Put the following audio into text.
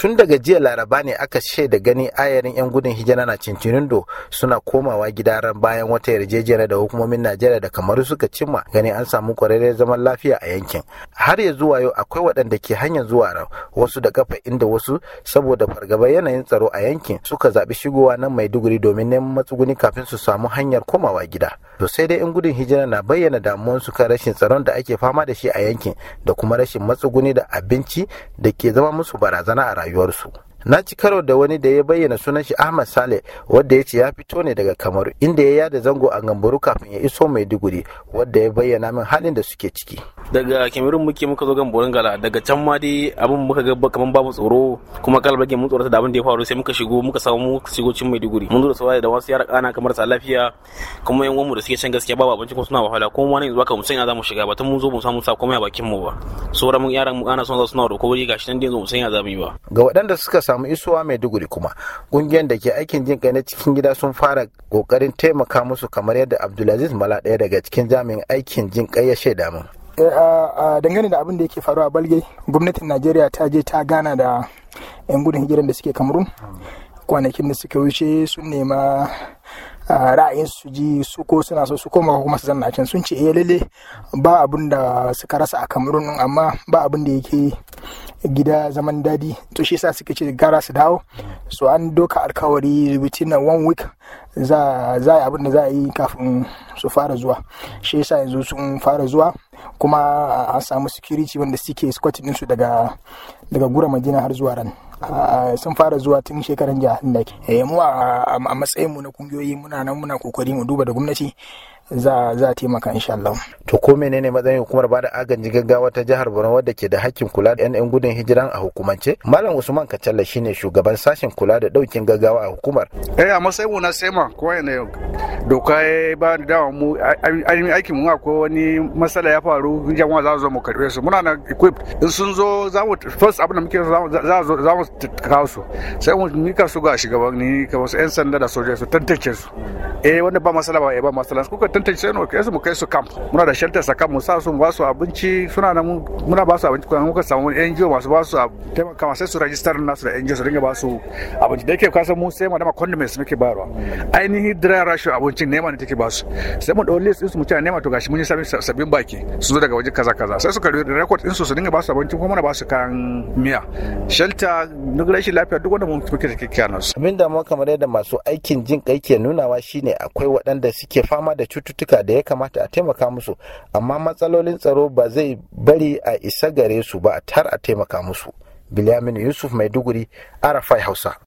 tun daga jiya laraba ne aka shaida gani ayarin 'yan gudun hijira na do suna komawa gida ran bayan wata yarjejeniya da hukumomin najeriya da kamar suka cimma gani an samu kwararren zaman lafiya a yankin har ya zuwa yau akwai waɗanda ke hanyar zuwa ran wasu da kafa inda wasu saboda fargabar yanayin tsaro a yankin suka zaɓi shigowa nan maiduguri domin neman matsuguni kafin su samu hanyar komawa gida to sai dai 'yan gudun hijira na bayyana su kan rashin tsaron da ake fama da shi a yankin da kuma rashin matsuguni da abinci da ke zama musu barazana a rayuwa rayuwarsu na ci karo da wani da ya bayyana sunan shi Ahmad Sale wadda ya ce ya fito ne daga kamar inda ya yada zango a gamburu kafin ya iso Maiduguri wadda ya bayyana min halin da suke ciki daga cameroon muke muka zo gan gala daga can ma dai abin muka ga kaman babu tsoro kuma kalbage mun tsorata da abin da ya faru sai muka shigo muka samu mu shigo cin maiduguri mun zo da sauwa da wasu yara kana kamar sa lafiya kuma yan mu da suke can gaskiya babu abinci ko suna wahala kuma wani yanzu aka musan za mu shiga ba tun mun zo mu samu sa komai a bakin mu ba sora mun yaran mu kana son zo suna roko wuri gashi nan dai yanzu sanya za mu yi ba ga waɗanda suka samu isuwa maiduguri kuma kungiyar da ke aikin jin kai na cikin gida sun fara kokarin taimaka musu kamar yadda Abdulaziz Mala daya daga cikin jami'in aikin jin kai ya shaida mun Eh, dangane da abin da yake faruwa a balge gwamnatin najeriya ta je ta gana da 'yan gudun hijiran da suke kamerun kwanakin da suka wuce sun nema ra'ayin su ji su ko suna so su koma kuma su zanna can sun ce eh lalle ba abin da suka rasa a kamerun amma ba abin da yake gida zaman dadi to shi yasa suka ce gara su dawo so an doka alkawari within one week za za abin da za a yi kafin su fara zuwa shi yasa yanzu sun fara zuwa kuma a samu security wanda suke squat din su daga daga gura madina har zuwa ran ah, sun fara zuwa tun shekaran jihar da ke eh, mu a matsayin na kungiyoyi muna nan muna kokari mu duba da gwamnati za a taimaka insha Allah. To ko menene matsayin hukumar bada agaji gaggawa ta jihar Borno wadda ke da hakkin kula da 'yan gudun hijiran a hukumance? Malam Usman Kacalla shine shugaban sashen kula da daukin gaggawa a hukumar. Eh a matsayin na sema ko yana doka ya ba da dawa mu aikin mu ko wani matsala ya faru jama'a za zo mu karbe su muna na equip in sun zo za mu first abin da muke za mu za mu kawo su sai mu mika su ga shugabanni kamar su 'yan sanda da sojoji su tantance su eh wanda ba matsala ba eh ba matsala kuka tantance mu kai su mu kai su camp muna da shelter sa mu sa su ba su abinci suna nan muna ba su abinci kuma muka samu NGO masu ba su taimaka sai su register nasu da NGO su dinga ba su abinci da yake san mu sai mu ma condiments muke bayarwa ainihin dry ration abincin nema ne take ba su sai mu da list din su mu ne nema to gashi mun yi sabbin baki su zo daga waje kaza kaza sai su karbi record din su su dinga ba su abinci kuma muna ba su kayan miya shelter duk rashin lafiya duk wanda mun muke take kiyanar su abinda mu kamar yadda masu aikin jin kai ke nunawa shine akwai waɗanda suke fama da cutu cututtuka da ya kamata a taimaka musu amma matsalolin tsaro ba zai bari a isa gare su ba a tar a taimaka musu bilyamin yusuf maiduguri arafai hausa